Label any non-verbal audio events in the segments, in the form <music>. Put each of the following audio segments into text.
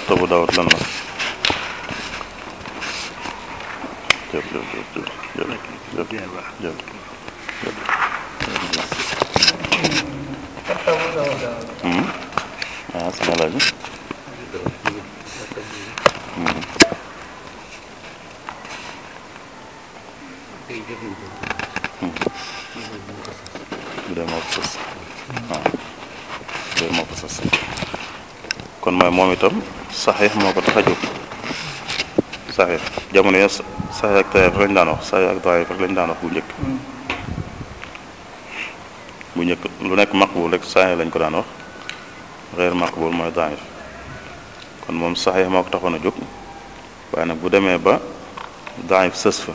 stato bu davutlanma. Dur dur dur dur. Dur dur dur. Dur. Hı. Ha, sen alacağım. Kon mooy moom itam saxiix moo ko tax a jóg saxiix jamono ya saxiix ak daif lañ daan wax saxiix ak daif rek lañ njëkk lu nekk maqbul rek saxiix lañ ko daan wax xeer maqbul mooy daif kon moom saxiix moo ko taxoon a jóg waaye nag bu demee ba daif sës fa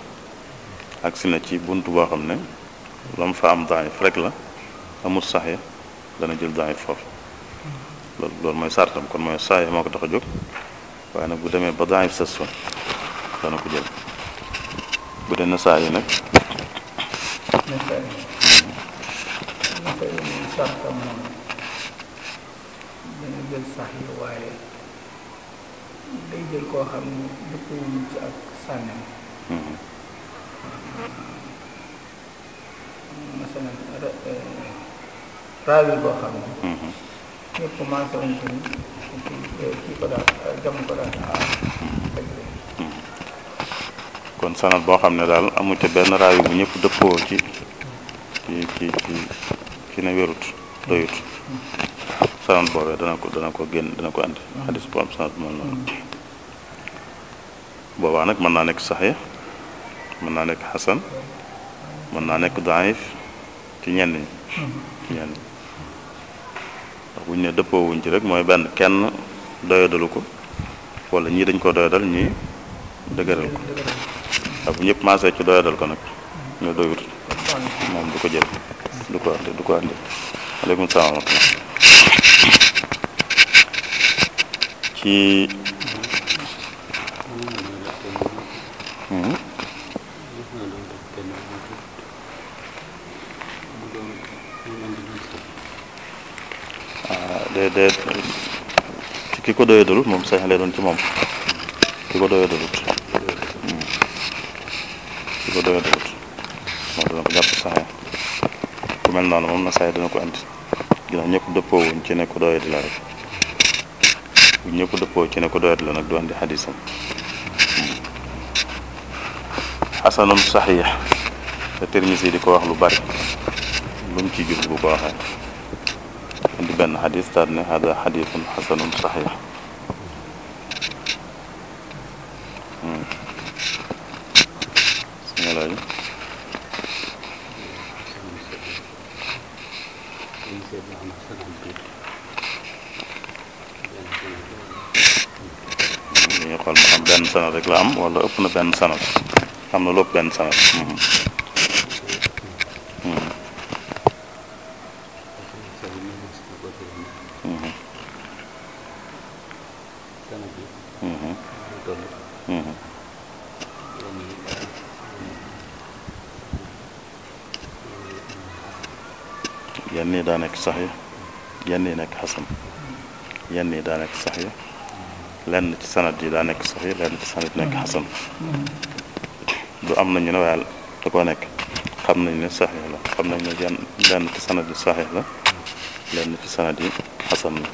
agsi na ci bunt boo xam ne lam fa am daif rek la amul saxiix dana jël daif foofu loolu loolu mooy sartam kon mooy saa moo ko tax a jóg waaye nag bu demee ba daayif sës fa dana ko jël bu dee na yi nag dana jël sax yi waaye day jël koo xam ne dëppwul ci ak sànnem mhm. masalan eh, raawi boo xam ne Eh, kon sanad boo xam ne daal amut ca benn raayu bu ñëpp dëppoo ci ci ne wérut doyut sanad boobee dana ko dana génn dana ko andi xadis am sanad boobaa nag mën naa nekk saxiix mën naa nekk xasan mën naa nekk daif ci ñenn ñi ci ñenn buñ ne dëppoo wuñ ci rek mooy benn kenn doyadalu ko wala ñii dañ ko doyadal ñii dëgëral ko waaw bu ñëpp maasee ci doyadal ko nag ñu doyut moom du ko jël du ko andi du ko andi aleykum salaam wa ci ki ko doyadalut moom sañ lay doon ci moom ki ko doyadalut hmm. ki ko doyadalut moom dana ko jàpp sañ ku mel noonu moom na sañ dana ko andi ginnaaw ñëpp dëppoo wuñ ci ne ko doyadi rek ñëpp dëppoo ci ne ko doyadi nag du andi xadisam xasanun hmm. saxiix te Tirmisi di ko wax lu bari lu mu ciy jublu bu ko waxee بان حديث ثاني هذا حديث حسن صحيح بسم الله يقول محمد بن سند ولا ابن بن سند عمل بن سند yenn yi daa nekk sax yi nekk xasan yenn yi daa nekk sax lenn ci yi daa nekk sax ya lenn ci sanat yi nekk xasan du am nañu ne waaye xam nañ ne saxix la xam nañ ne yenn lenn ci sanat la lenn ci sanat yi xasan la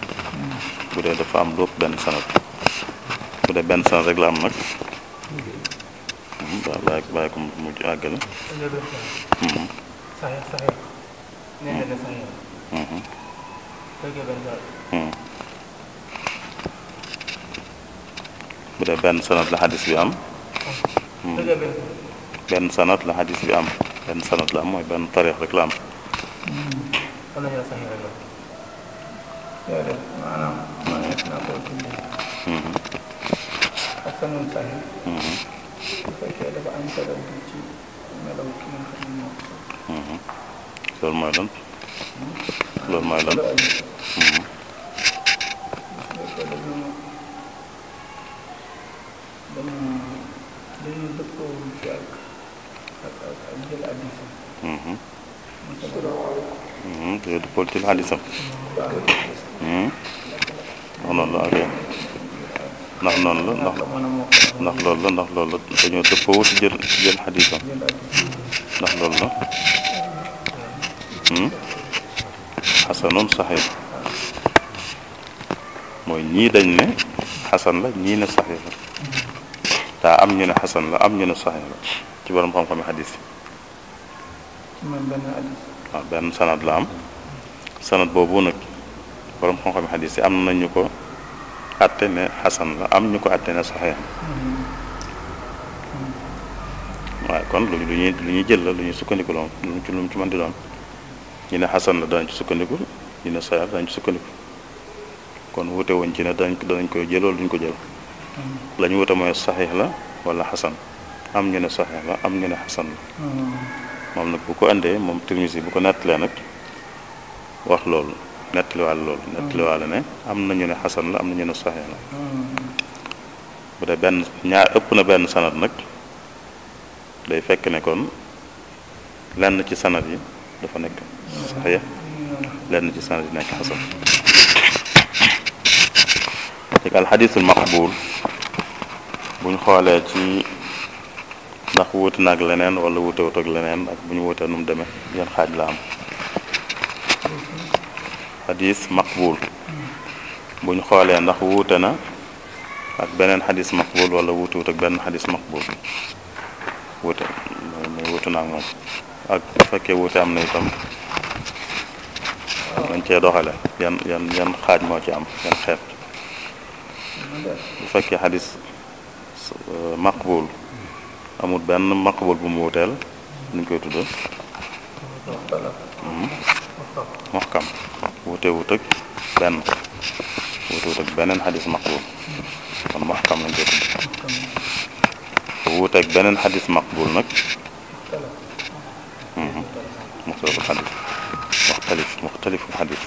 bu dee dafa am lépp benn sanat bu dee benn sanat la am nag hmm, waaw bàyyi bàyyi ko mu mujj Nene da sanyo. Kake benn bu dee benn sanat la xadis bi am. benn sanat la xadis bi am benn sanat la am mooy benn tarix rek la am. asanul sahih bu fekkee dafa am ci melaw ki nga xam ne moo ko loolu mooy lan loolu mooy lan hmm. Hmm. Hmm. te dëppoo ci xadisam ndax noonu la ak ndax noonu la ndax ndax loolu la ndax loolu la dañoo dëppoo ci jël jël xadisam ndax loolu la Hmm? xasanun saxiix mooy ñii dañ ne xasan la ñii ne saxiix la daa am ñu ne xasan la am ñu ne saxiix la ci borom xam-xami xadis ah, benn sanad la am sanad boobu nag borom xam-xami xadis yi am nañu ko atte ne xasan la am ñu ko atte ne saxiix la hmm. waaye kon lu ñuy lu ñuy jël la lu ñuy sukkandiku loon lu mu ci mën di doon ñu ne xasan la daañu ci sukkandiku ñu ne saxiix daañu ci sukkandiku kon wute wuñ ci ne daañ danañ koy jëloo duñ ko jël mm-hmm. la wute mooy saxiix la wala xasan am ñu ne saxiix la am ñu ne xasan la mm-hmm. moom nag bu ko andee moom Tirmisi bu ko nettalee nag wax loolu nettaliwaale loolu nettaliwaale ne am ñu ne xasan la am nañu ne saxiix la mm-hmm. bu dee benn ñaar ëpp na benn sanat nag day fekk ne kon lenn ci sanat yi dafa nekk صحيح لأن الإنسان هناك حصل لكن الحديث المقبول بن خالتي نخوت نغلنن ولا ووتو تغلنن بن ووتا نوم ين حاج حديث مقبول بن خالة نخوتنا اك بنن حديث مقبول ولا ووتو تك بن حديث مقبول ووتو ووتو ak bu fekkee wuute am na itam nañ cee doxale yan yan yan xaaj moo ci am yan xeet bu fekkee xadis maqbul amul benn maqbul bu mu wuteel nuñ koy tudd muhkam wute wut ak benn wute wut ak beneen xadis maqbul kon muhkam lañ koy tudd wuute ak beneen xadis maqbul nag حديث مختلف مختلف حديث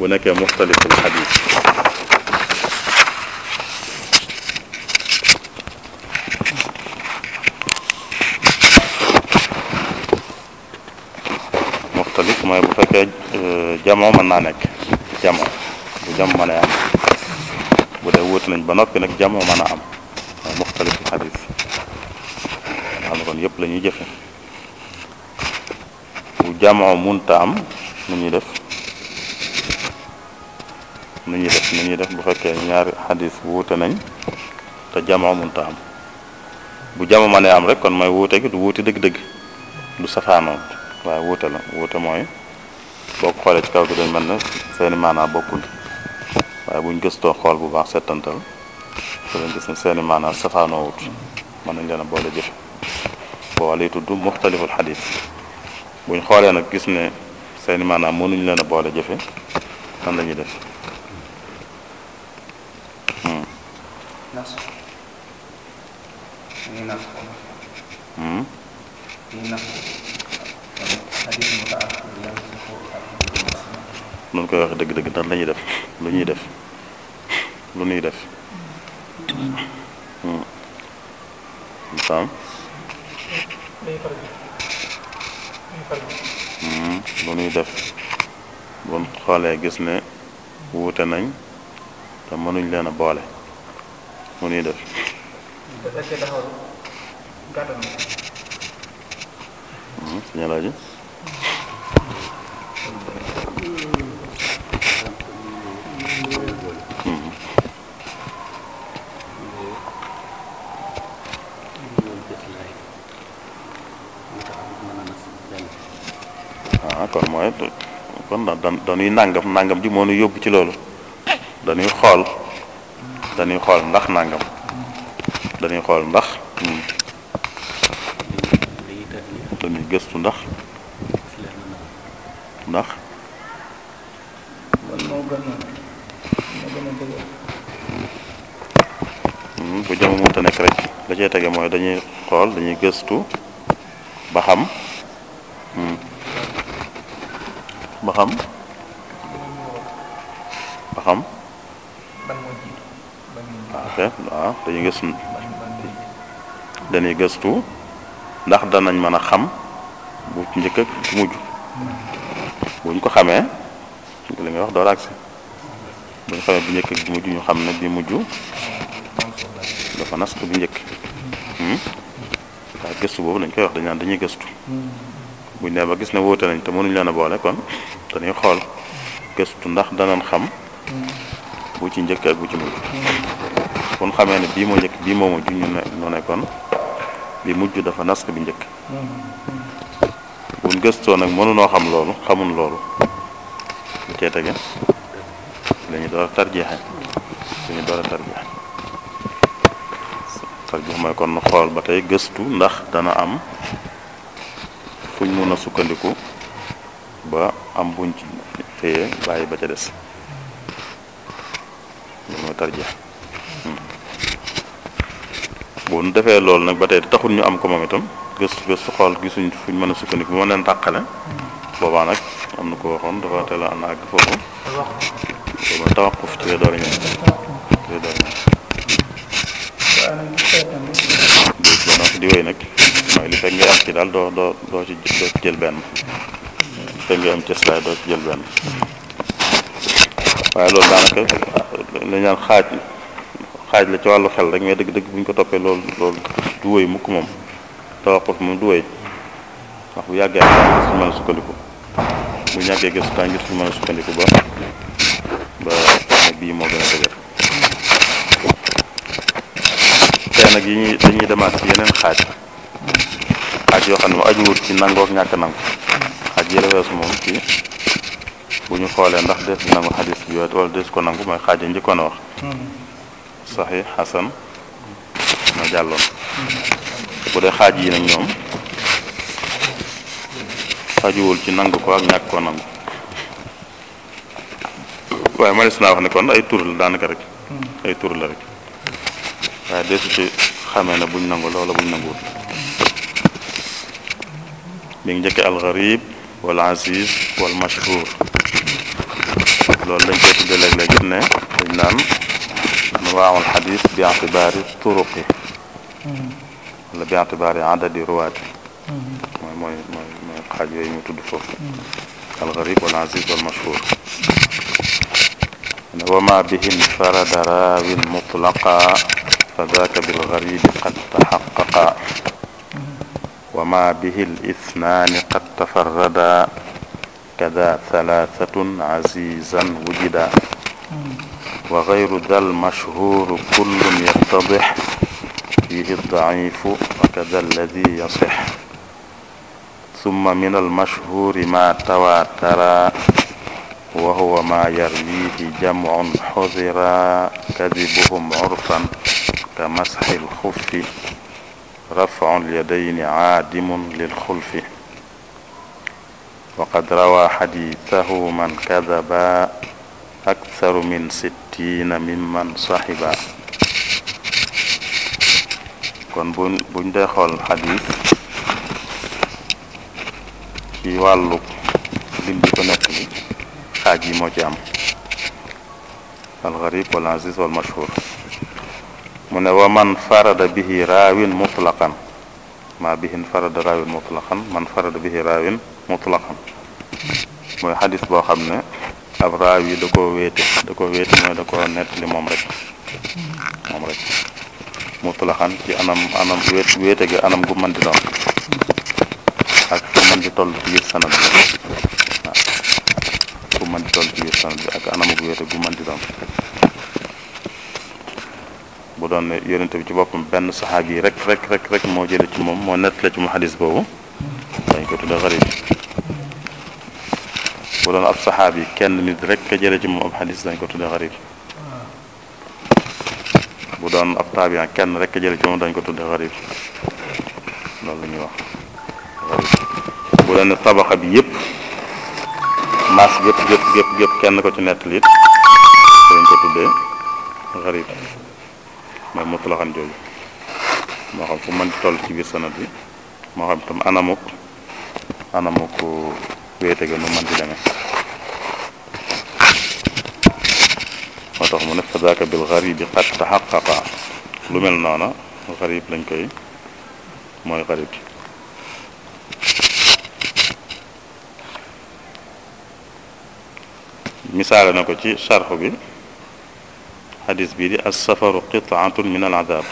هناك مختلف الحديث مختلف ما يبقى فيك آه، جمع منانك جمع وجمع منام ودوت من بنات كنك جمع من منام مختلف الحديث waxoon yépp la ñuy jëfe bu jamoo munta am nu ñuy def nu ñuy def ñuy def bu fekkee ñaari xadis wuute nañ te jamoo munta am bu jamo ma ne am rek kon may wuute gi du wuute dëgg-dëgg du safaanoon waaye wuute la wuute mooy boo xoole ci kaw gi dañ mel ne seeni maanaa bokkul waaye buñ gëstoo xool bu baax settantal te dañ gis ne seeni maanaa safaanoo wut mën nañ leen boole jëf boo lay tudd muxtaliful xadis buñ xoolee nag gis ne seeni maanaam mënuñ leen a boole jëfe nan la ñuy def nun koy wax dëgg-dëgg nan la ñuy def lu ñuy def lu ñuy def Hmm, lu nuy def buñ xoolee gis ne wute nañ te mënuñ leen a boole mu nuy def sëñ Alaaji kon dan dañuy nàngam nàngam ji moo nu yóbbu ci loolu dañuy xool dañuy xool ndax nàngam dañuy xool ndax hmm. dañuy gëstu ndax ndax hmm, bu jëm nekk rek la cay tege mooy dañuy xool dañuy gëstu ba xam hmm. ba xam ba xam ah, ok waaw ah, dañuy gëstu dañuy gëstu ndax danañ mën a xam bu njëkk ak bu mujj buñ ko xamee li nga wax door agsi buñ xamee bu njëkk ak mujj ñu xam ne bi mujj dafa nas ko bu njëkk hmm? waaw gëstu boobu dañ koy wax dañ dañuy gëstu buñ nee ba gis ne wóote nañ te mënuñ leen a boole kon dañuy xool gëstu ndax danañ xam bu ci njëkk ak bu ci mujj kon xamee ne bii moo njëkk bii moo mujj ñu nekkoon ñu bi mujj dafa nask bi njëkk buñ gëstoo nag mënunoo xam loolu xamun loolu lu cee tege la ñu door a tarjeexe la door a tarjeexe tarjeex mooy kon xool ba tey gëstu ndax dana am fuñ mun a sukkandiku ba am buñ ci téye bàyyi ba ca des loolu mooy tarjeex bu nu defee loolu nag ba tey taxul ñu am ko moom itam gëstu gëstu xool gisuñ fuñ mën a sukkandiku bu ma leen tàqale boobaa nag am na ko waxoon dafa teel a ànd ak foofu booba tawaquf ci lay door a ñëw ci lay door a ñëw di wéy nag mooy li fekk ngay am ci daal doo doo doo ci jël benn li fekk ngay am ci slaay doo ci jël benn waaye loolu daanaka li ñaan xaaj xaaj la ci wàllu xel rek mais dëgg-dëgg bu ñu ko toppee loolu loolu du wéy mukk moom tawaquf moom du wéy wax bu yàggee ak ngir suñu mën a sukkandiku bu ñàggee gëstu temps ngir suñu mën a sukkandiku ba ba bii moo gën a dëgër tey nag yi ñuy dañuy demaat ci yeneen xaaj ak yoo xam ne moom aju wut ci nangook ñàkk nangu ak yële weesu moom ci bu ñu xoolee ndax des nangu xadis bi wet des ko nangu mooy xaaja njëkkoon a wax saxi xasan ma jàlloon bu dee xaaj yi nag ñoom ajuwul ci nangu ko ak ñàkk koo nangu waaye manis naa wax ne kon ay tur daanaka rek hmm. ay tur la rek waaye desu ci xamee ne buñ nangu loola buñ nanguwul mi ngi njëkk algarib wal aziz wal mashhur loolu lañ koy tudde léeg-léeg it ne dañ naan anwaawul xadis bi atibaari turuqi wala bi atibaari adadi ruwaati mooy mooy mooy mooy xaaj yooyu ñu tudd foofu algarib wal aziz wal mashhur وما به انفرد راو مطلقا فذاك بالغريب قد تحققا وما به الإثنان قد تفردا كذا ثلاثة عزيزا وجدا وغير ذا المشهور كل يتضح فيه الضعيف وكذا الذي يصح ثم من المشهور ما تواترا وهو ما يرويه جمع حذرا كذبهم عرفا كمسح الخف رفع اليدين عادم للخلف وقد روى حديثه من كذب أكثر من ستين ممن صحب كون بون دخل حديث في والو لمبي كو نيكي خاجي مو الغريب والعزيز والمشهور mu ne wa man farada bihi raawin mutlaqan maa bihin farada raawin mutlaqan man farada bihi raawin mutlaqan mooy xadis boo xam ne ab raaw yi da koo wéete da koo wéete mooy da koo nettali moom rek moom rek mutlaqan ci anam wéet wéete gi anam gu mën di ak ku mën di toll ci biir sanad bi waaw ku mën ak anam gu wéete gu mën di بودان يرنت في جواب بن صحابي رك رك رك رك موجود في مم ونت لك محدث بو يعني كنت ده غريب بودان أب صحابي كان من رك كجرا جم محدث يعني كنت ده غريب بودان أب تابي كان رك كجرا جم يعني كنت ده غريب نقول نيوه بودان الطبقة بيب ماس جب جب جب جب كان كنت نت لي يعني كنت ده غريب mooy mutlaqan jooju moo xam fu mën di toll ci biir sanad bi moo xam tam anamuk anamuk wéete ga nu mën di demee moo tax mu ne fadaaka bil xaribi xat taxaqaqa lu mel noona xarib lañ koy mooy xarib misaale na ko ci sarxu bi حديث بيدي السفر قطعة من العذاب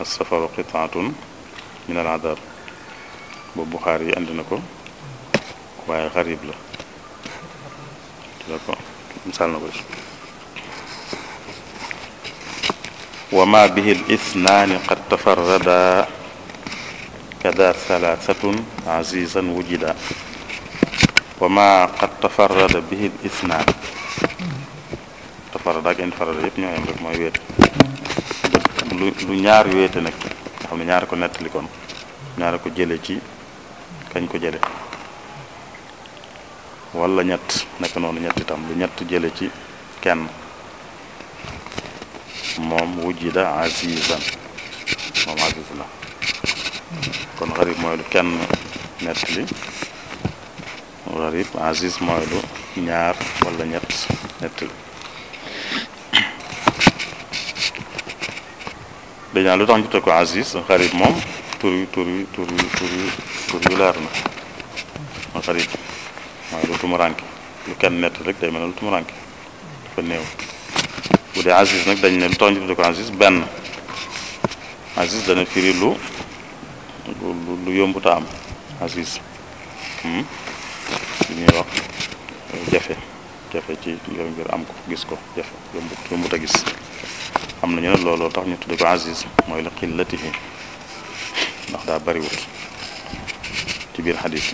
السفر قطعة من العذاب بو بخاري عندنا كو واي غريب لا مثالنا بس وما به الاثنان قد تفردا كذا ثلاثة عزيزا وجدا وما قد تفرد به الاثنان farata ak indi farata yëpp ñoo yem rek mooy wéete lu lu ñaar wéete nag nga xam ne ñaar ko nettali kon ñaar ko jële ci kañ ko jële wala ñett nekk noonu ñett itam lu ñett jële ci kenn moom wujida azizan moom aziz la kon xarib mooy lu kenn nettali xarib aziz mooy lu ñaar wala ñett nettali dañ naan lu tax ñu tuddee ko Aziz xarit moom tur yu tur wi tur wi tur wi tur wi leer na ma mooy lu tumuranke lu kenn nett rek day mel ne lu tumuranke dafa néew bu dee Aziz nag dañ ne lu tax ñu tuddee ko Aziz benn Aziz dana firi lu lu yombuta am Aziz hmm? li ñuy wax jafe jafe ci ngir am ko gis ko jafe yombut yombut a gis amna ñu ne tax ñu tuddu ko aziz moy la xillatihi ndax da bari wut ci bir hadith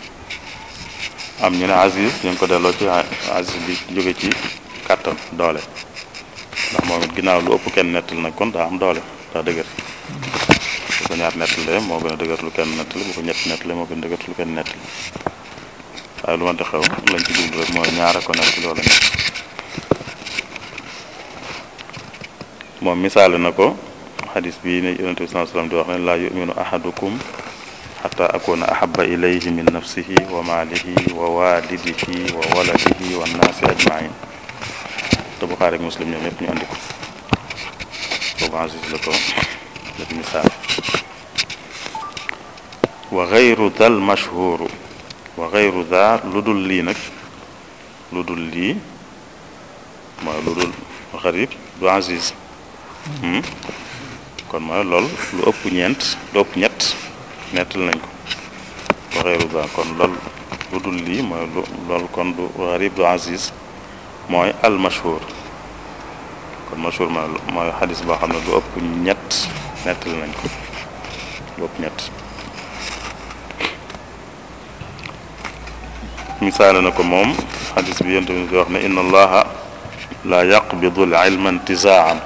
am ñu ne aziz ñu ko delo ci aziz bi jóge ci carton doole ndax moom ginaaw lu upp kenn nettal nag kon da am doole da deugar ko ñaar nettalee le mo gëna deugar lu kenn nettali bu ko ñet nettalee moo gën a dëgër lu kenn nettali ay lu ma xew lañ ci dund rek mo ñaara ko nettali wala ñett mom misaale nako hadith bi ne yunus bi saa sallam di wax ne la yuminu ahadukum hatta akuna ahabba ilayhi min nafsihi wa malihi wa walidihi wa waladihi wa nasi ajmain to bukhari muslim ñoom ñëpp ñu andiko to boobu asis la ko la misaal wa ghayru dal mashhur wa ghayru dha ludul li nak ludul li ma ludul mooy lu dul du asis kon mooy loolu lu ëpp ñeent lu ëpp ñett nettal nañ ko waxeeru ba kon loolu lu dul lii mooy lu loolu kon du garib du aziz mooy al mashhur kon mashhur mooy mooy xadis boo xam ne lu ëpp ñett nettal nañ ko lu ëpp ñett misaale na ko moom xadis bi yonent bi wax ne inna allaha la yaqbidu al ilma intizaa'an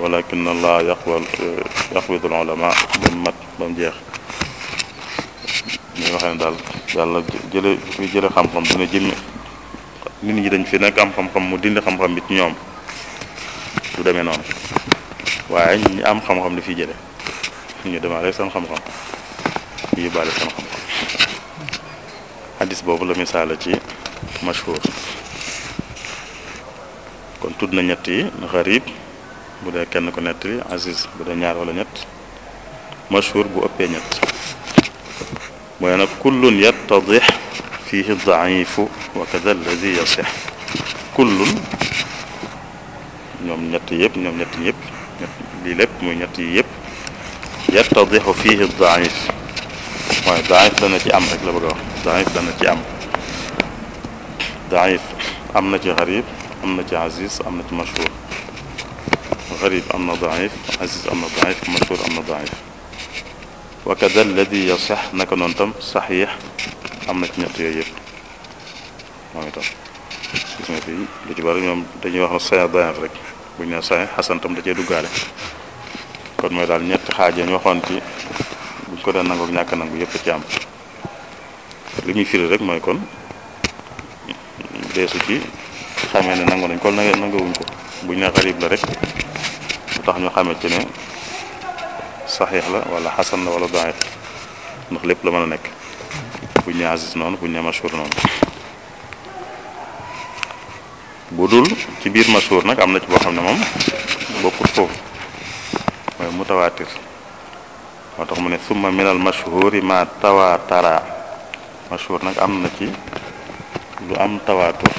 walakin allah yaqbal yaqbidul ulama ba mu mat ba mu jeex ñi nga xam ne daal yàlla jële fi jële xam-xam dina jëmmi nit ñi dañ fi nekk am xam-xam mu dindi xam-xam bi ci ñoom du demee noonu waaye ñi am xam-xam li fi jële ñu demaale seen xam-xam ñu yóbbaale seen xam-xam xadis boobu la misaala ci mashhur kon tudd na ñett yi xarib bu dee kenn ko nettali Aziz bu dee ñaar wala ñett mashhur bu ëppee ñett mooy nag kullun yattadix fihi daifu wa kada alladi yasix kullun ñoom ñett yëpp ñoom ñett yëpp lii lépp muy ñett yi yëpp yattadixu fihi daif waaye daif dana ci am rek la bëgg a wax daif dana ci am daif am na ci xarib am na ci aziz am na ci mashhur غريب أن ضعيف عزيز أن ضعيف مشهور أن ضعيف وكذا الذي يصح نكون أنتم صحيح أم نكون يطيب ما بسم الله لجبار يوم دنيا وحنا سايا ضعيف رك بنيا سايا حسن تم دجي دوغالي كون مي دال نيت خاجي ني وخون تي بو كو دان نغو نياك نغو ييب تي ام لي مي فير رك موي كون ديسو تي خامي نانغو نكون نانغو نكون bu ñu ne xarib la rek lu tax ñu xamee ci ne saxiix la wala xasan la wala daif ndax lépp la mën a nekk bu ñu ne aziz noonu bu ñu ne mashhur noonu bu dul ci biir mashhur nag am na ci boo xam ne moom bokkul foofu mooy mutawaatir moo tax mu ne summa minal mashhuri ma tawaatara mashhur nag am na ci lu am tawaatur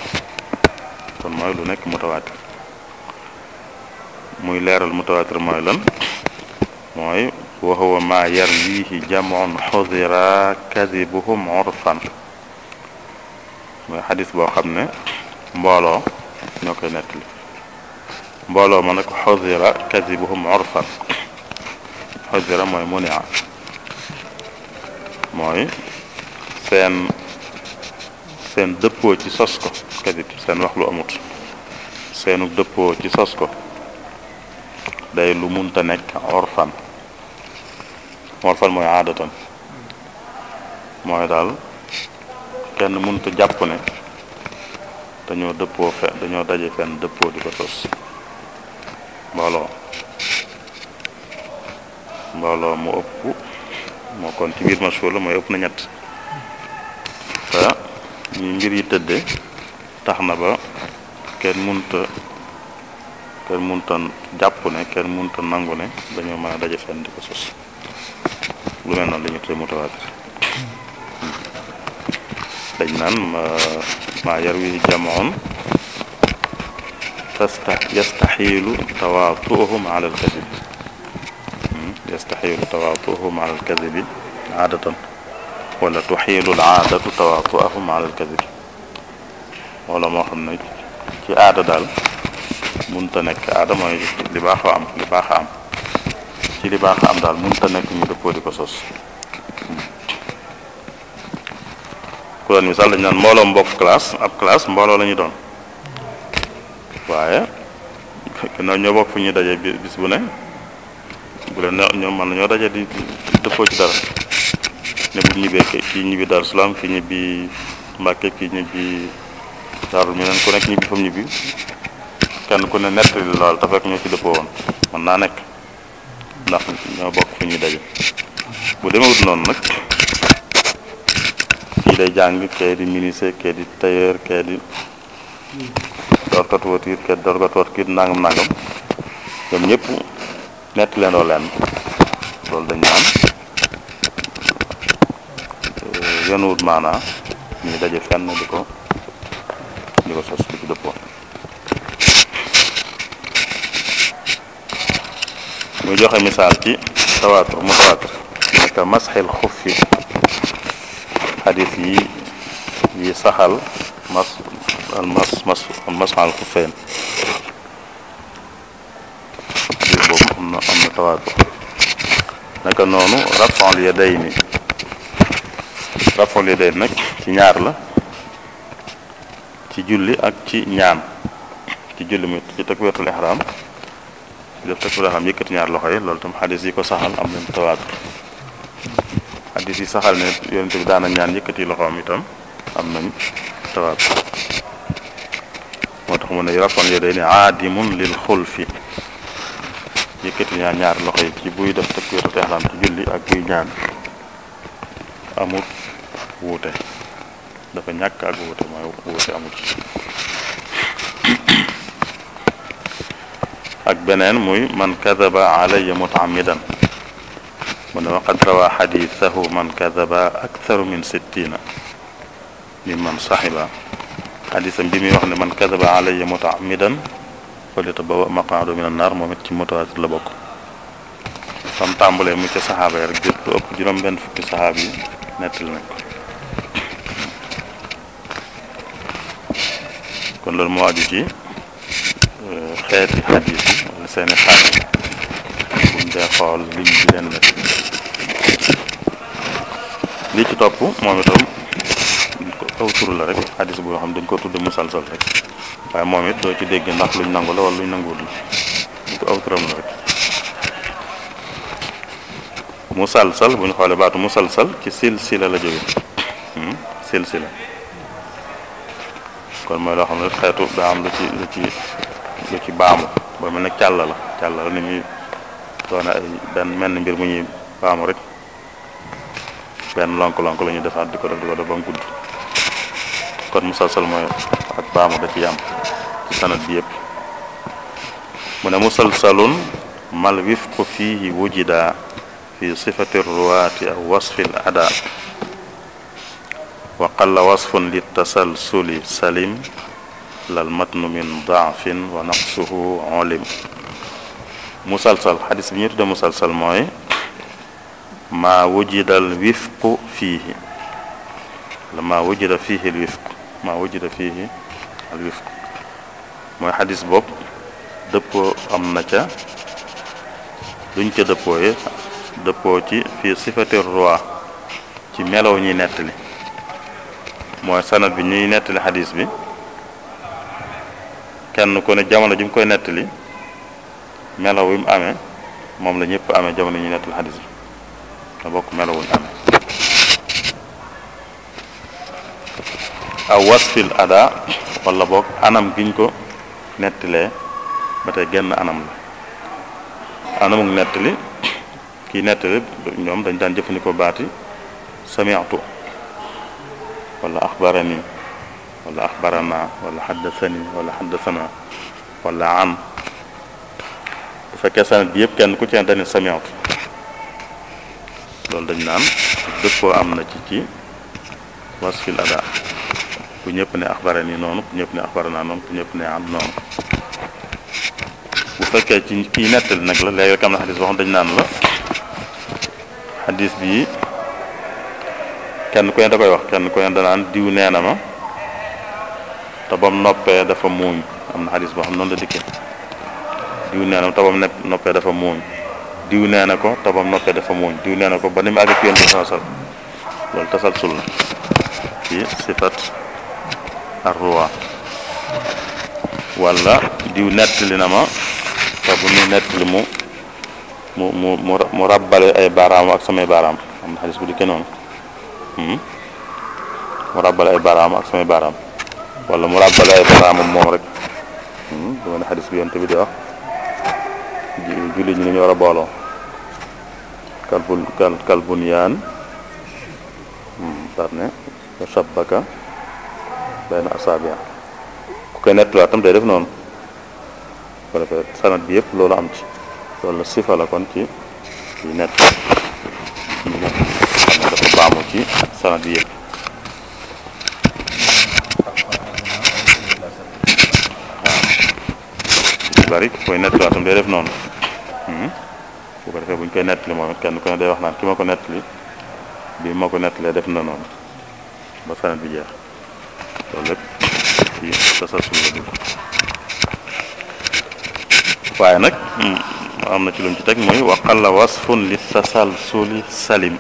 kon mooy lu nekk mutawaatir muy leral mutawatir moy lan moy wa huwa ma yarwihi jam'un xudira kadhibuhum urfan moy hadith bo xamne mbolo mbooloo netti mbolo man ko ma kadhibuhum urfan xudira moy munia moy sen sen deppo ci sos ko kadib seen wax lu amut senu deppo ci sos ko day lu munta nek orfan orfan moy adatan moy dal kenn munta japp ne dañoo depo fe dañoo daje fenn dëppoo di tos sos mbooloo mo mu mo kon ci ma solo moy ëpp na ñatt te ñi ngir yi taxna ba kenn munta kenn munta يستحيل تواطؤهم على الكذب يستحيل تواطؤهم على الكذب عادة ولا تحيل العادة تواطؤهم على الكذب ولا ما خمنا كي عادة دال munta nek aadama li baax am li baax am ci li am dal munta nek ñu dëppoo di ko sos ko ñu sal dañ nan mbolo mbok class ab class mbolo lañu don. doon waaye gannaaw ñoo bok fu ñu dajé bis bu ne bu leen ñoom man nañoo dajé di dëppoo ci dara ne bu ñibé ci ñibi dar salam fi ñibi Mbàkke kii ñibi daarul mi nan ko nek ñibi fam ñibi kenn ku ne nettali lool te fekk ñoo ci dëppoo woon mën naa nekk ndax ñoo bokk fi ñuy daje bu demewut noonu nag kii day jàng kee di ministre kee di tailleur kee di dorkat wotiir kee di dorkat wotiir nangam nangam nett leen doo dañ naan eh, yoon wut maanaa ñuy daje fenn di ko di ko sos di ko dëppoo nga joxe misal ci tawaatur mutawaatir naka masxil xuffi hadith yi yi saxal mas al mas mas al mas al xuffeen di boobu am na naka nonu rafon al yadayni ni al li yaday ci ñaar la ci julli ak ci ñaan ci julli mi ci takbiratul ihram def takbira xam yëkkati ñaar loxo yi loolu tam xadis yi ko saxal am nañ tawaatur xadis yi saxal ne yonente bi daana ñaan yëkkati loxoom itam am nañ tawaatur moo tax mu ne rakkoon yooyu day ne aadimun lil xulfi yëkkati ñaar ñaar loxo yi ci buy def takbiratul ihram ci julli ak buy ñaan amul wuute dafa ñàkk ak wuute mooy wuute amul ci ak benen muy man kadhaba alayya mutamidan mu ne waqad rawa hadithahu man kadhaba aktharu min 60 mi man sahiba xadiisam bi mi wax ne man kadhaba alayya mutaamidan falyatabawa maq'adu min an-nar momit ci mutawatir la bok fam tambule mu ci sahaba rek jëpp lu ëpp juróom benn fukki sahabi yi nettali nañ ko kon lool mo waju ci xeeti xadiis yi wala seeni xaaj buñ dee xool lim bi leen la li ci topp moom itam aw tur la rek xadiis boo xam dañ ko tudde musalsal rek waaye moom it doo ci dégg ndax luñ nangu la wala luñ nanguwul la lu ko aw turam la rek musalsal bu ñu xoolee baatu musalsal ci silsila la jóge hmm? silsila kon mooy loo xam ne xeetu daa am lu ci lu ci di ci baamu bo mel nag càll la cyalla la ni muy ay ben mel mbir mu ñi baamu rek ben lonk-lonk la ñu defaat diko do do ba mu kon musalsal mooy ak baamu da ci yam ci sanad bi yëpp mu ne musalsalun mal wifqu fihi wujida fi sifati ar-ruwati aw wasfi al ada وقل وصف للتسلسل سليم لا المتن من ضعف ونقصه علم مسلسل حديث بنيت ده مسلسل ماي ما وجد الوفق فيه لما وجد فيه الوفق ما وجد فيه الوفق ما حديث بوب دبو أم نجا duñ ca dëppooye dëppoo ci fii sifati roi ci نتلي ما سنة mooy sanad bi kenn ku jamono ji mu koy nettali melaw wi mu moom la ñëpp ame jamono ñu nettali xadis bi na bokk melaw wu ñu amee aw wasfil ada wala boog anam giñ ko nettilee ba tey genn anam la anamuk nettali kii nettali ñoom dañ daan jëfandikoo baati sami'tu wala axbarani ولا أخبر ما ولا حدثني ولا حدثنا ولا عن فكيف سنة بيب كان كنت عندنا سمعت لون دين نام دفو أمنا تيتي وصف الأداء كن يبني أخبرني نون كن يبني أخبرنا نون كن يبني عن نون وفكا تيتي نتل نقل لا يكمل حديث وحن دين نام لا حديث بي كان كوين دا كوي واخ كان كوين دا نان ديو نانا ما tabam ba mu noppee dafa muuñ am na xadis boo xam noonu la dikkee diw nee na te ba mu noppee dafa muuñ diw nee na ko te ba mu dafa muuñ diw nee ko ba ni mu àgg ci yéen bi saa sal loolu tasalsul la ci sifat arwa wala diw nettali nama ma te bu muy nettali mu mu mu mu mu rabbale ay baram ak samay baram am na xadis bu dikkee noonu mu rabbale ay baram ak samay baaraam wala mu ràbbale ay moom rek bu hmm, mel ne bi yonte bi di wax julli ñu ni ñu war a booloo kalbun kalbun yaan par hmm, ne shabaka bayna asaabia ku koy nettaliwaat tam day def noonu ko defee sanat bi yëpp loolu am ci loolu sifa la kon ci ci nett ñu xam ne dafa baamu ci sanat bi yëpp bari koy nettaliwaat tam day def noonu bu ko defee bu ñu koy nettali moom it kenn ku ne day wax naan ki ma ko nettali bii ma ko nettalee def na noonu ba sanad bi jeex loolu lépp ci tasasul la dugg waaye nag am na ci lu mu ci teg mooy waqalla wasfun li tasalsuli salim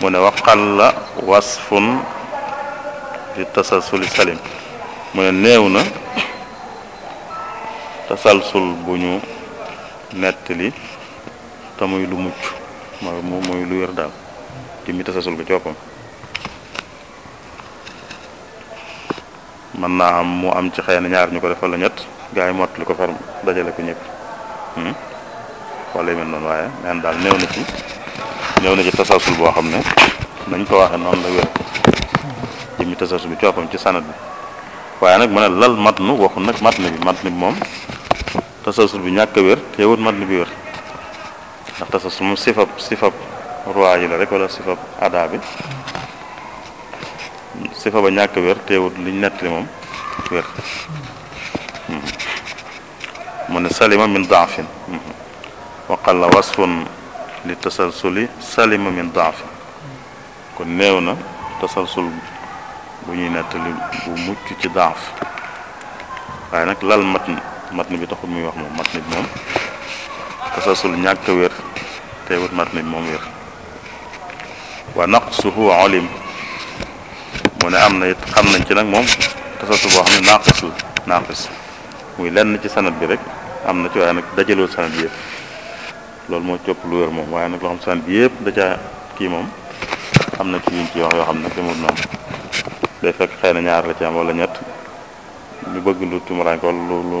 mu ne waqalla wasfun li tasalsuli salim mu ne néew na tasalsul bu ñu nettali te muy lu mucc mooy muy lu wér daal jëmmi tasalsul ko ci boppam mën naa am mu am ci xëy na ñaar ñu ko defal la ñett gaa yi mottali ko far dajale ko ñëpp hmm? wala yu mel noonu waaye neen daal néew na ci néew na ci tasalsul boo xam ne nañ ko waxee noonu la wér jëmmi tasalsul bi ci boppam ci sanad waaye nag mu ne lal matnu waxu nag matnu bi matnu bi moom تسلسل بن ياك كبير تيود مدن بير تسلسل من صفة صفة رواية لذلك ولا صفة أدابة صفة بن ياك كبير تيود لين نتلمهم كبير من سليم من ضعفين وقال وصف للتسلسل سليم من ضعف كن نيونا تسلسل بني نتلم بمجتي ضعف أنا كلا المتن matn bi taxul muy wax moom matn bi moom tasasul ñàkk wér teewut matn bi moom wér wa naqsuhu olim mu ne am na it xam nañ ci nag moom tasasul boo xam ne naaqis la naaqis muy lenn ci sanat bi rek am na ci waaye nag dajalewul sanat bi loolu moo copp lu wér moom waaye nag loo xam sanat bi yëpp da kii moom am na ci yuñ ci wax yoo xam ne demul noonu day fekk xëy na ñaar la ci am wala ñett ñu bëgg lu tumuraan lu lu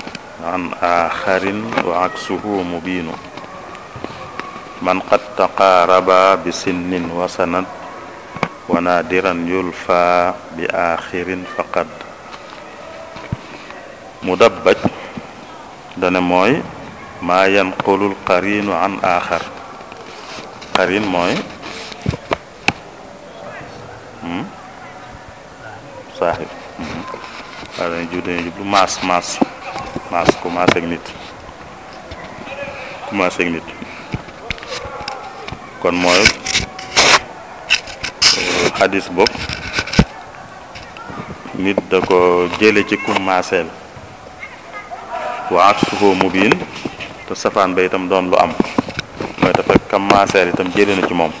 عن آخر وعكسه مبين من قد تقارب بسن وسند ونادرا يلفى بآخر فقد مدبج دنا موي ما ينقل القرين عن آخر قرين موي صاحب هذا جودي أن ماس ماس maas commencé ak nit commencé nit kon mooy euh, xadis bopp nit da ko jële ci commencé la waat suufoo mu biin te safaan ba itam doon lu am mooy dafa commencé itam jële na ci moom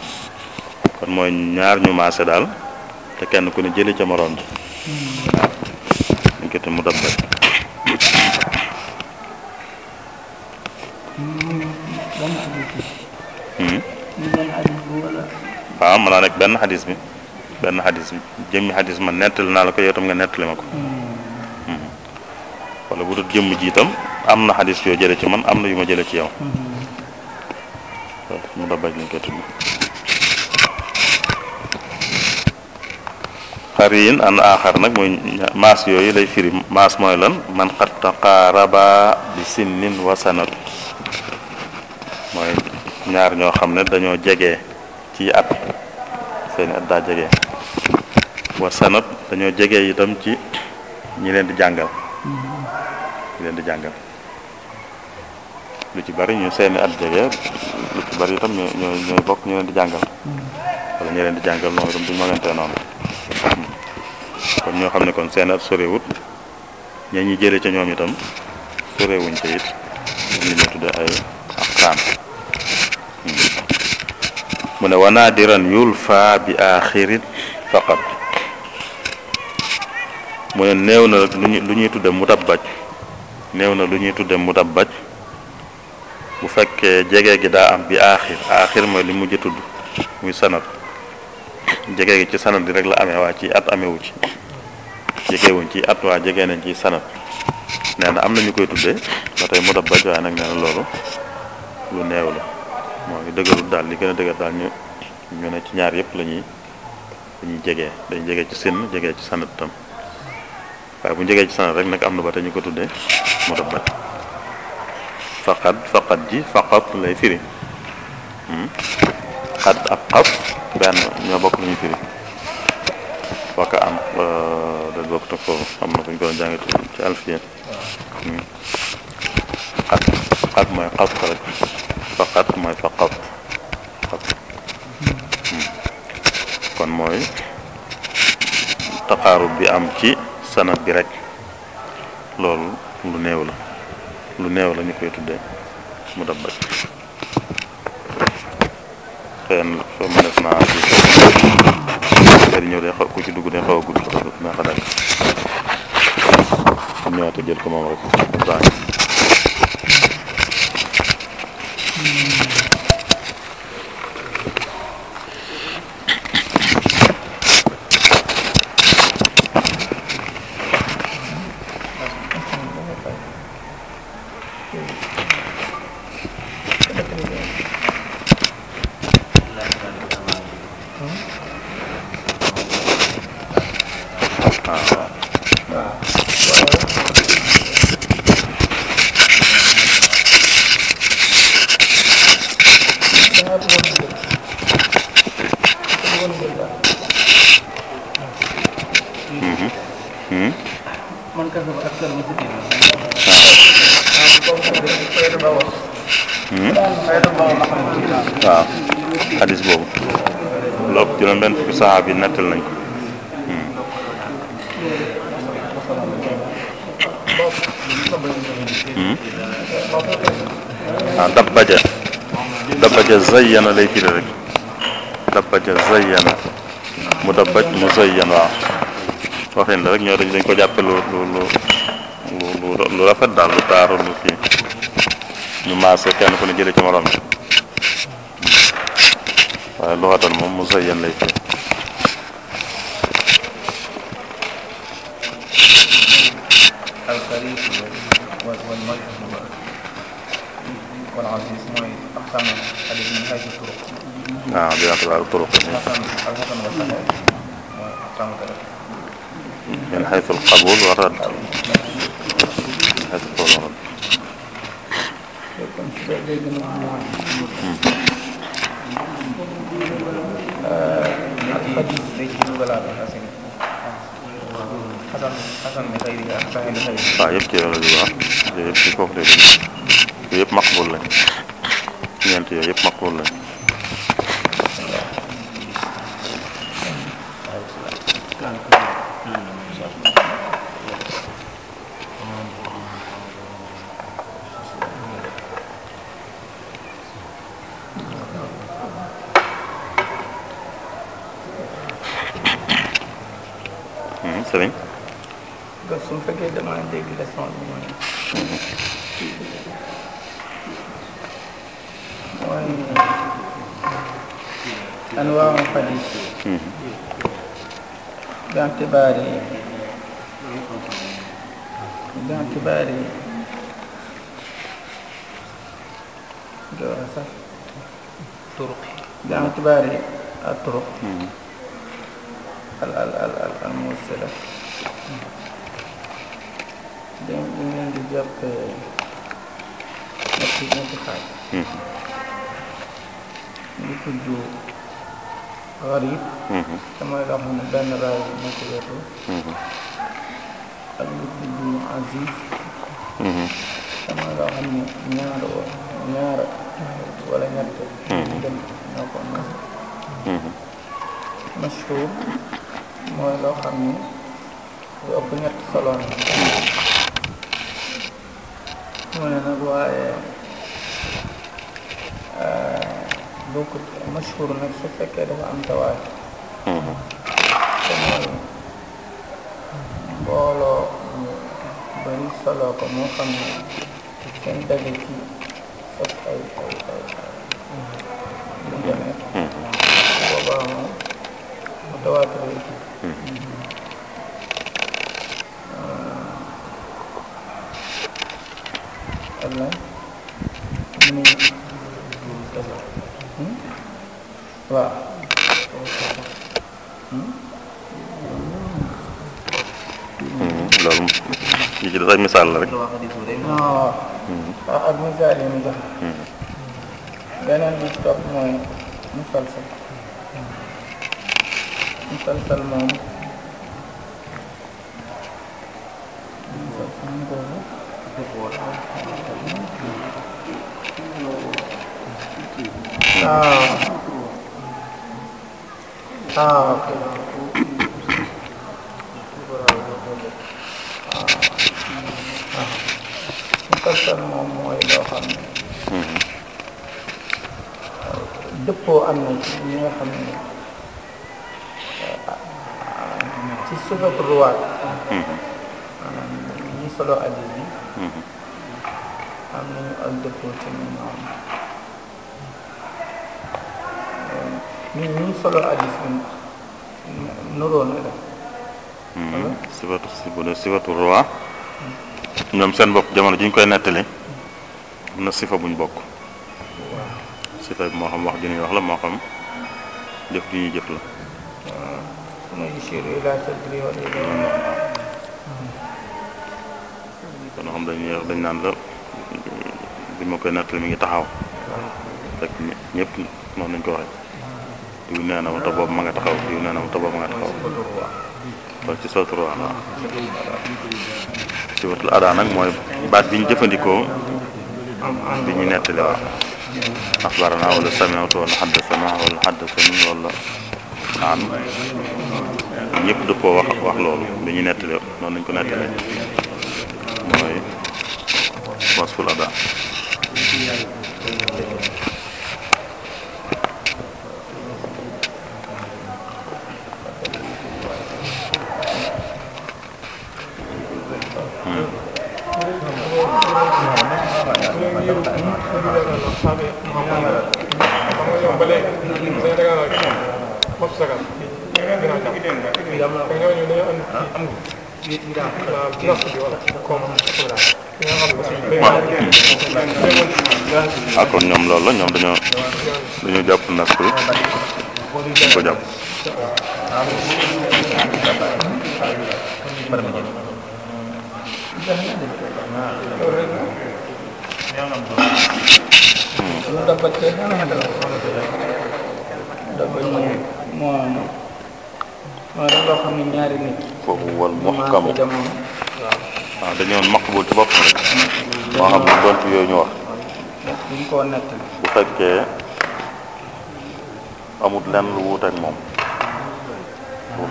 kon mooy ñaar ñu maase daal te kenn ku ne jële ca moroom ji hmm. mu dab waaw mën naa nekk benn xadis bi benn xadis bi jëmmi xadis ma nettali naa la ko yow tam nga nettali ma ko hmm. Hmm. wala bu dul jëmm ji itam am na xadis yoo jële ci man am na yu ma jële ci yow mu da bañ lañ koy tudd xariin an aaxar nag mooy maas yooyu lay firi maas mooy lan man xat taqaaraba bi sinnin wa sanat mooy ñaar ñoo xam ne dañoo jege ci at seeni at daa jege wa sanat dañoo jege itam ci ñi leen di jàngal leen di jàngal lu ci bari ñu seeni at jege lu ci bari itam ñoo ñooy bokk ñu leen di jàngal wala ñu leen di jàngal moom itam duñu magantee noonu kon ñoo xam ne kon seeni at sorewut ñee ñi jële ca ñoom itam sorewuñ ca it ñu tuddee ay aqraan mu ne wanaadiran yulfa bi axirin faqat mu ne néew na rek lu ñuy tudde mutabbaj néew na lu ñuy tudde mutabbaj bu fekkee jege gi daa am bi aaxir aaxir mooy li mujj tudd muy sanad jege gi ci sanad bi rek la amee waa ci at amewu ci jegewuñ ci at waa jege nañ ci sanad nee am na ñu koy tuddee ba tey mutabbaj waaye nag nee loolu lu néew la mooy dëgërul daal li gën a dëgër daal ñu ñu ne ci ñaar yëpp la ñuy dañuy jegee dañuy ci sinn jegee ci sanad tam waaye bu jegee ci sanad rek nag am na ba te ñu ko tuddee mudabbat faqat faqat ji faqat lay firi hmm? xat ak xat benn ñoo bokk lu ñu firi waka am da bokk ta foofu am na fu ñu ko doon ci alfiya hmm. xat xat mooy xat rek Fakat, moy fakat, hmm. kon moy. taqaarub bi am ci sanad bi rek loolu lu néew la lu néew la ñu koy tuddee mu dabbaj xëyen fa mënees naa ci xëy ñëw day ci duggu day xaw a gudd neex ñu dakk jël ko moom rek Mm-hmm. man kese ba ak kër Moussa Diouf. waaw xadis boobu loolu juróom-benn fukki saxaab yi nettal nañ ko. waaw hmm. hmm. hmm. ah, dab baja dab baja zayyana lay firi rek. dabbaja zayyana mu dabbaj mu zayyan waaw waxin la rek ñoo dañ ko jàppe lu lu lu lu rafet daal lu taaru lu kii ñu maase kenn ku ne jële ci morom bi waaye luxatan mu zayyan lay fii نعم بناقل على الطرق من حيث القبول والرد من حيث القبول والرد حسن حسن حسن حسن حسن حسن حسن حسن حسن حسن حسن حسن sëriñ. gëstu su fekkee dama dégg leçon bi mooy. mooy. anwaaru xadis. باعتبار باعتبار باعتبار الطرق wasalaam dem ñu ngi leen di jàppee ñetti ñetti xaaj ñu tudd xarib te mooy loo xam ne benn raay bi moo ko wetu ak ñu tudd aziz te mooy loo xam ne ñaar ñaar wala ñett dem ñoo ko mashhur mooy loo xam ni lu ëpp ñett solo na mu ne nag waaye euh, bokkut mashhur nag su fekkee dafa am tawaat mm-hmm. te mooy mbooloo bari solo ko moo xam ne seen daje ci sot ay ay ay lu mm-hmm. demee mm-hmm. boobaa moom mu tawaatir waaw hmm? loolu yi ci des misaal la rek waaw ak misaal yi mu jox beneen ah ah okay. ah mooy loo xam ne dëppoo am na ci ñi nga xam solo addis bi am nañu ak dëppoo ñun ñun solo hadis hmm. sifatu sifatu roi ñoom seen bopp jamono ji koy nettali am na sifa buñ bokk. sifa bi moo xam wax ji ñuy wax la moo xam jëf ji ñuy jëf la. Hmm. kon xam dañuy wax dañ naan la bi ma koy nettali mi ngi taxaw. rek ñëpp noonu lañ ko waxee. diw nee na ma te boobu ma nga taxaw diw nee na ma te ma nga taxaw loolu ci soo turuwaan waaw ci adaa nag mooy baat bi ñu jëfandikoo bi ñu nettali waaw axbarana wala samiatu wala xaddasana wala xaddasani wala aan ñëpp dëppoo wax wax loolu bi ñu nettali noonu lañ ko nettali mooy wasful adaa aku kon ñoom loolu la ñoom dañoo dañoo jàpp nas bi dañ ko waaw loo xam ne ñaari nit. foofu wal ah, maqbul ci boppam rek. moo xam ne yooyu ñu wax. buñ koo nettali. bu fekkee amut lenn lu wuute ak moom.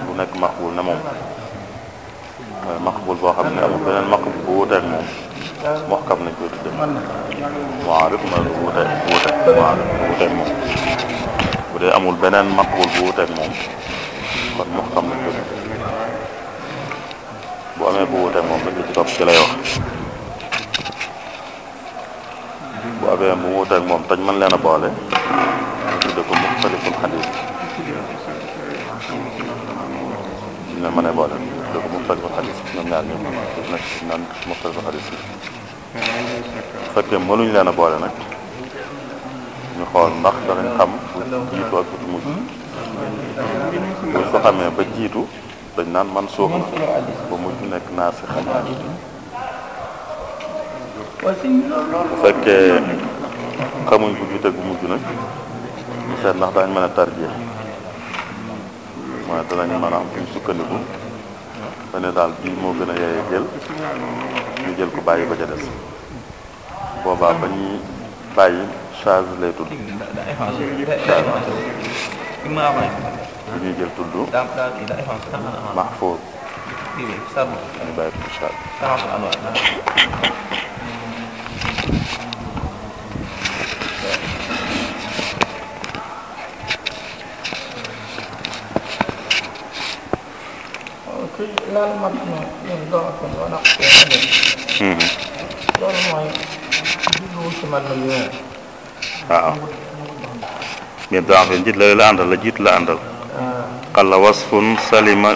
lu nekk maqbul na moom. mooy maqbul boo xam ne amul beneen maqbul bu wuute ak moom. muhkam nañ koy lu wuute moom. bu dee amul beneen maqbul bu wuute moom. kon moo xam ne bu amee bu wutee moom rek ci topp ci lay wax bu amee bu wuteeg moom tañ mën leen a boole ñu tudde ko muxtaliful xadis ñu leen mën a boole ñu tudde ko muxtaliful xadis ñoom ñaar ñoom nekk naan muxtaliful xadis bu fekkee mënuñ leen a boole nag ñu xool ndax danañ xam bu jiitu ak bu mujj buñ ko xamee ba jiitu dañ naan man suux ba mujj nekk naa si xam bu fekkee xamuñ bu jiite bu mujj nag seet ndax daañ mën a tarjee mooy danañ mën a am fuñ sukkandiku ba ne daal bii moo gën a yeye jël ñu jël ko bàyyi ba ca des boobaa ba ñuy bàyyi charge lay tudd charge imam rek dañuy jël tudd da da ila ifan mahfuz bi bi sarmo ni bay insha Allah ta'ala anwa loolu man man ñun doo ko doon wax loolu mooy jubluwu ci man lu waaw من ضعف الجد لا عند الجد لا عند قال وصف سليم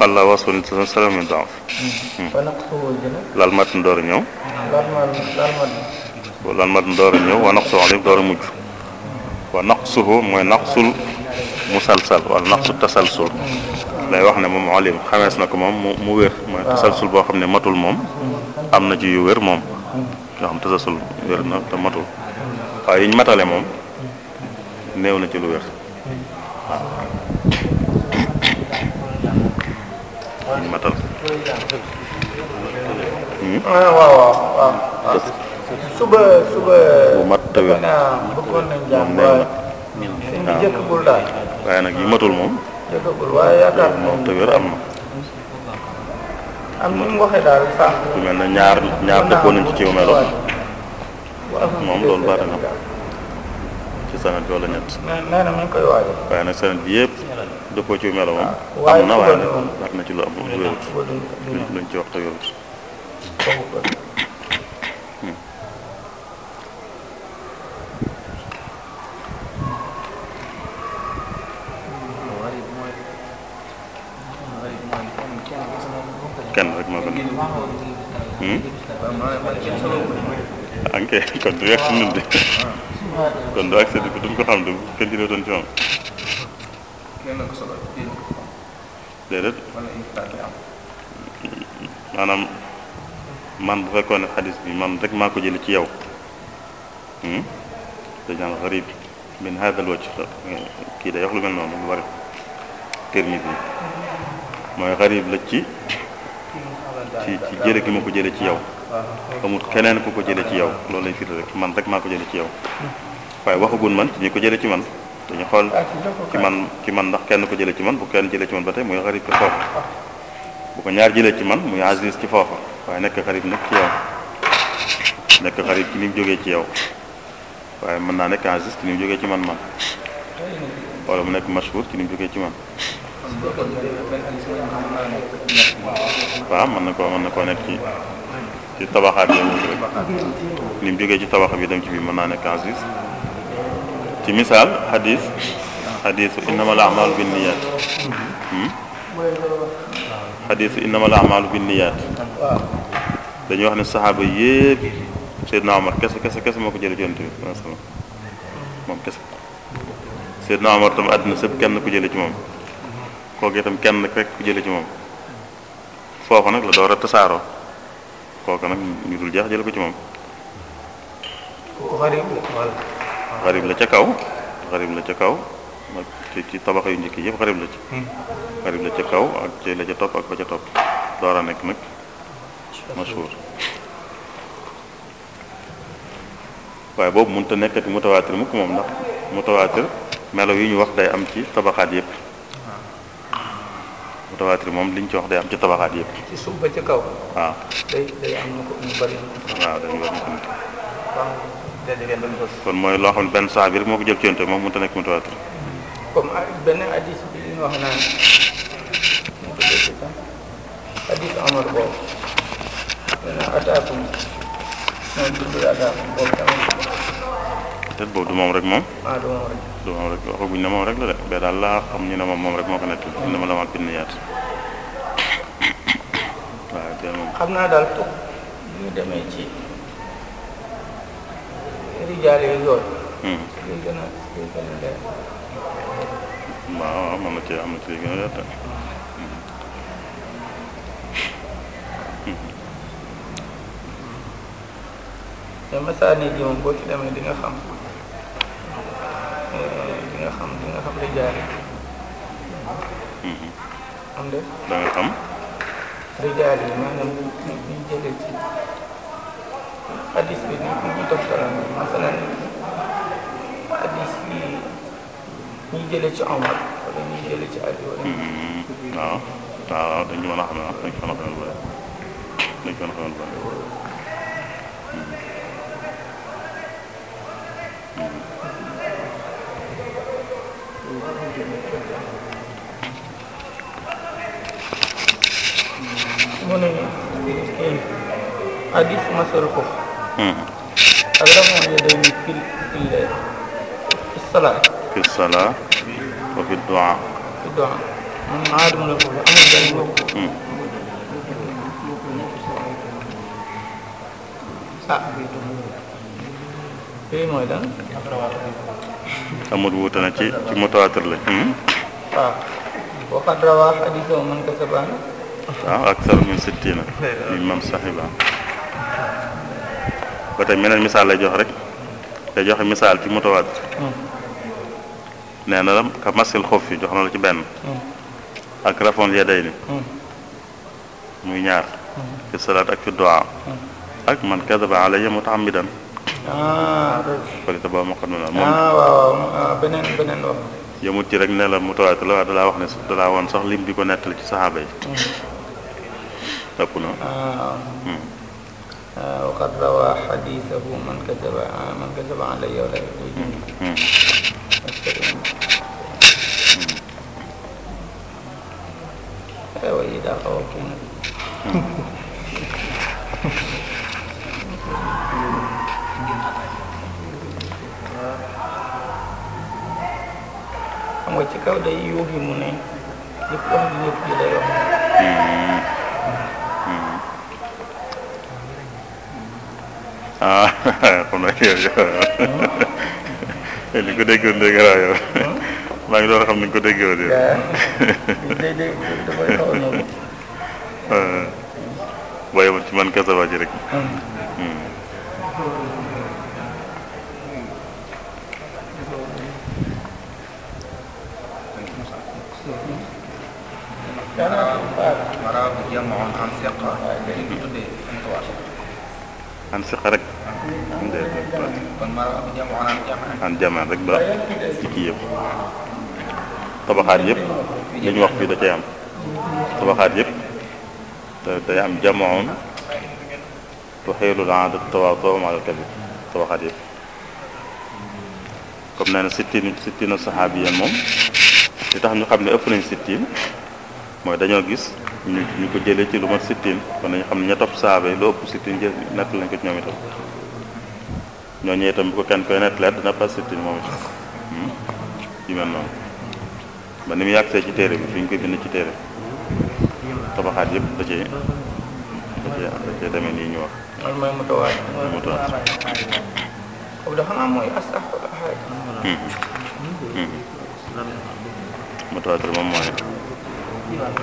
قال وصف سليم من ضعف لا المتن دور نيو ونقص عليه دور مج ونقصه مو نقص المسلسل ونقص التسلسل لا وخنا موم عليم خمس نكو موم تسلسل بو خامني ماتول موم امنا جي يوير تسلسل ويرنا تا ماتول fa new na ci lu wér waaw matal hmm? ah, suba suba bu mat te ah, moom néew na ah. waaye nag yi matul moom moom am na am na mel na ñaar ñaar dëppoo nañ ci ci melo moom loolu bari sanad bi wala ñett. nee na mi ngi koy waajal. waaye nag sanad bi yëpp. dëppoo ci melo moom. am na waaye nag na ci lu am lu wérut luñ ci wax te wérut. kenn rek moo ko nekk. Hmm? Hmm? Ah, ok <laughs> kon du weesu ñun de. kon du accès bi duñ ko xam du kenn ci doon ci moom. maanaam man bu fekkoon ne xadis bi man rek maa ko jëlee ci yow dañ hmm? naan xarib min haadal wajh kii day wax lu mel noonu lu bari Tirmidi mooy xarib la ci ci ci jële gi ma ko jëlee ci yow. amul keneen ku ko jëlee ci yow loolu lay firi rek man rek maa ko jëlee ci yow waaye waxagun man ci ñi ko jëlee ci man dañu xool ci man ci man ndax kenn ko jëlee ci man bu kenn jële ci man ba tey muy xarib ci foofa ko ñaar jëlee ci man muy aziz ci foofa waaye nekk xarib nag ci yow nekk xarib ci ni mu jógee ci yaw waaye mën naa nekk aziz ci ni jógee ci man man wala mu nekk mashhur ci ni jógee ci man waaw mën na ko mën na koo nekk ci ci tabaxaat bi moom rek lim jógee ci tabax bi dem ci bi mën naa nekk en sus ci misaal xadis xadisu innamal a'malu binniyat xadisu innamal a'malu binniyat dañuy wax ne saxaaba yépp Seydina Omar kese kese kese moo ko jëlee ci Yonent bi sallallahu moom kese Seydina Omar tam àddina sëpp kenn ku jëlee ci moom kooku itam kenn rek ku jëlee ci moom foofu nag la door a tasaaroo kooku nag ñu dul jeex jële ko ci moom. xarib la la ca kaw xarib la ca kaw nag ci ci tabax yu njëkk yëpp xarib la ci. Hmm. xarib la ca kaw ak ci la ca topp ak ba ca topp door nekk nag masuur waaye boobu mënut a nekkati mutawaatir mukk moom ndax mutawaatir melo yi ñu wax day am ci tabaxaat yëpp. mutawaatir moom liñ ci wax day am ci tabaxaat yëpp. ci suuf ci kaw. waaw day day am ñu ko ñu bëri. waaw dañu war ñu kon mooy loo xam ne benn saxaabi rek moo ko jël ci yonent moom mënut a nekk mu tuddee déet boobu du moom rek moom. ah du moom rek. du moom rek ne moom rek la de mais daal laa xam ñu ne moom moom rek moo ko nettali. dina moom. xam naa daal toog ñu demee hmm. hmm. Hmm. boo ci demee di xam. di nga xam di nga xam li jaay am de da nga xam rijaal yi maanaam ñu ñu jële ci hadis bi ñu ñu toftalan masalan hadis bi ñu jële ci Omar wala ñu jële ci Ali wala waaw waaw dañu mën a xam ne dañu mën a xam ne dañu mën a xam ne في مسركم أغرموا يدين في الصلاة في الصلاة وفي الدعاء في الدعاء من عاد من الأولى أنا جاي أمور بوتنا شيء شيء متواتر له. أمم. آه. وقد رواه حديث من كسبان. آه أكثر من ستين. الإمام صاحبه. ba tey meneen misaal lay jox rek day joxe misaal ci mutawaatir hmm. nee na la ka masil xof fi jox na la ci benn hmm. ak rafoon yaday ni hmm. muy ñaar fi salaat ak fi duwaa ak man kadaba alayya mutaamidan boo ma xam ne moom ah, waaw ah, beneen beneen yëmut ci rek ne la la waaye dalaa wax ne dalaa woon sax bi ko nettali ci saxaaba yi topp na ah. وقد روى حديثه من كذب من كذب علي ولا يقول وإذا قولتم xam nga ci kaw day yóbbu mu ne lépp am lépp ji lay wax ah kon nag yow yow li ko déggoon dégg naa yow maa ngi doon xam ni ko déggoon yow. day day da koy xaw a noonu. bàyyi ma ci man kasaba ji rek. كان مراب جمع عن ثقة an siqa rek. kon an jamaan rek baax ci kii yëpp tabaxaat yëpp li ñu wax fii da cay am tabaxaat yëpp day am jamoon tuxiilu laada tawaatoo maal kadib tabaxaat yëpp comme nee na sittiin sittiina saxaabiyan moom li tax ñu xam ne ëpp nañ sittiin mooy dañoo gis ñu ñu ko jëlee ci lu mat sittin kon nañu xam ne ñoo topp saaba yi lu ëpp sittin jël nett lañ ko ci ñoom itam ñooñu itam bu ko kenn koy nett leer dina pas sittin moom itam hmm? yu mel noonu ba ni mu yàgg see ci téere bi fi ñu koy bind ci téere tabaxaat yëpp da cee da cee da cee demee nii ñu wax. loolu mooy mu tawaat mooy mu tawaat boobu dafa am mooy as ak mu tawaat moom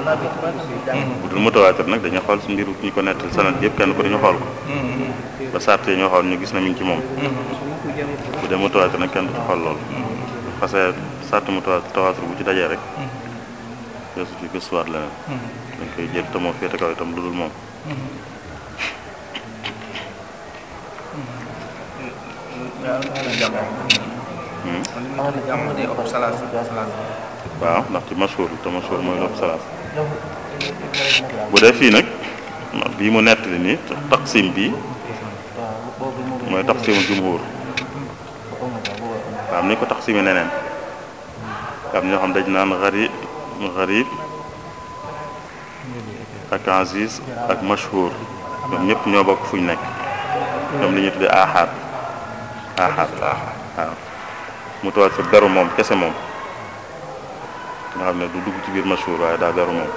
bu dul mutawaatir nag dañu xool si mbiru ñi ko nettal sanad yëpp kenn ko dañu xool ko ba sart ñoo xool ñu gis na mi ci moom bu dee mutawaatir nag kenn du xool loolu parce que sart mutawaatir bu ci dajee rek gëstu ci gëstuwaat la dañ koy jël te moo kaw itam lu dul moom waaw ndax ci mashhur te mashhur mooy lopp salaas bu dee fii nag bii mu nettali nii taqsim bii mooy taqsimu jumhur waaw am nañ ko taqsimi neneen am ñoo xam dañ naan xari xarib ak aziz ak mashhur ñoom ñëpp ñoo bokk fuñ nekk ñoom li ñu tuddee aaxaat aaxaat waaw mu toog fi beru moom kese moom nga xamne du dugg ci biir mashhuur waaye daa beru moom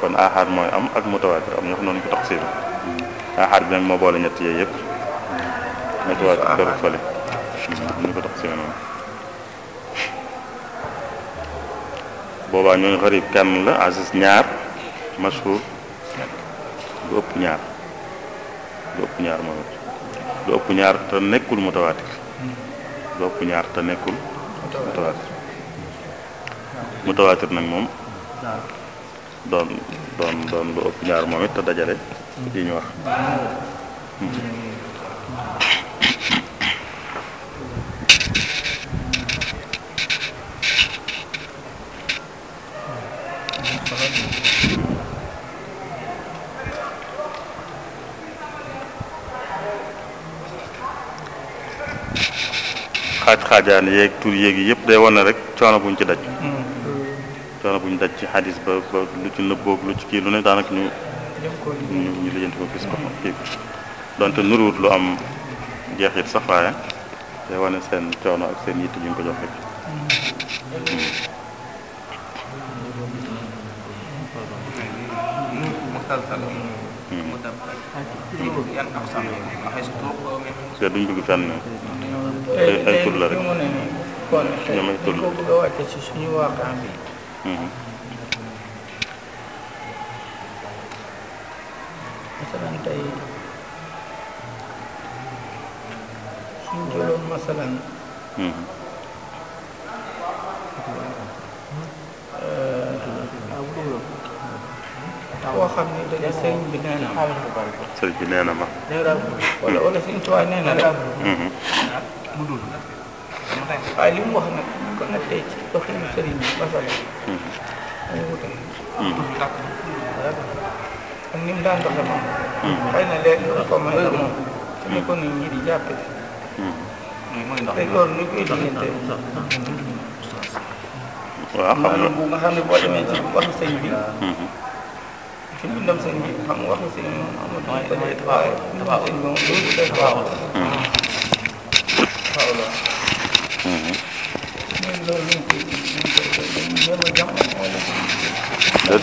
kon aaxaar mooy am ak mutawaatir am ñoo xam noonu ko tax siin aaxaar bi nag moo boole ñett yooyu yëpp mutawaatir beru fële ñu ko tax siin moom boobaa ñooñu xarib kenn la aziz ñaar mashhuur du ëpp ñaar du ëpp ñaar moom du ëpp ñaar te nekkul mutawaatir du ëpp ñaar te nekkul mutawaatir mutawatir nak mom don don don do ëpp ñaar moom it te dajale yi ñu wax xaaj xaajaan yeeg tur yéegi yëpp day wane rek coono buñ ci daj dara bu ñu daj ci xadis ba lu ci nëbboog lu ci kii lu ne daanaka ñu ñu ñu lijjanti ko gis ko kii lu am jeexit sax waaye te wane seen coono ak seen yitte ñu ko jox duñ dugg fenn ay masalan tey suñ jëloon masalan koo xam ne dañu sëriñ bi nee na bi nee ma. wala wala suñu tuwaay nee na la. Hmm. mu dul waaye li mu wax nag. kon nag tey ci dox yi sëriñ bi ba sori. dañuy wutal. ndax ak ni mu daan doxe moom. Mm-hmm. xëy na léegi loolu ko may moom. Mm-hmm. ni ko nit ñi di jàppe. mooy mm-hmm. ndox mi te loolu ñu koy diggante. waaw xam nga bu nga xam ne boo demee ci waxi sëñ bi. fi mu dem sëñ bi xam nga waxi sëñ bi moom amul. mooy mooy waaw waaw sëñ bi moom loolu def waaw. waaw déet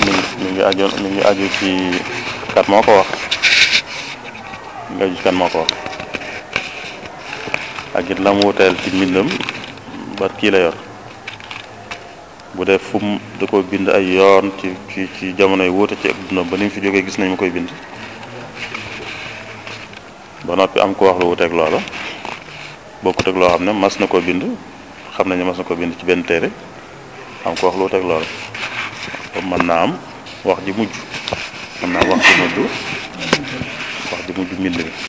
mi mi ngi aju mi ngi aju ci kat moo ko wax mi ngi aju ci kat moo ko wax ak it la mu ci mbindam ba kii la yor bu dee fu du da ko bind ay yoon ci ci ci jamono yu wuute ci ëpp dundam ba ni fi jógee gis nañ mu koy bind ba noppi am ko wax lu wuteeg loola bokkut ak loo xam ne mas na koo bind xam nañu ma na ko bind ci benn téere am ko wax lu teg loolu mën naa am wax ji mujj mën naa am wax ji mujj wax ji mujj mbind mi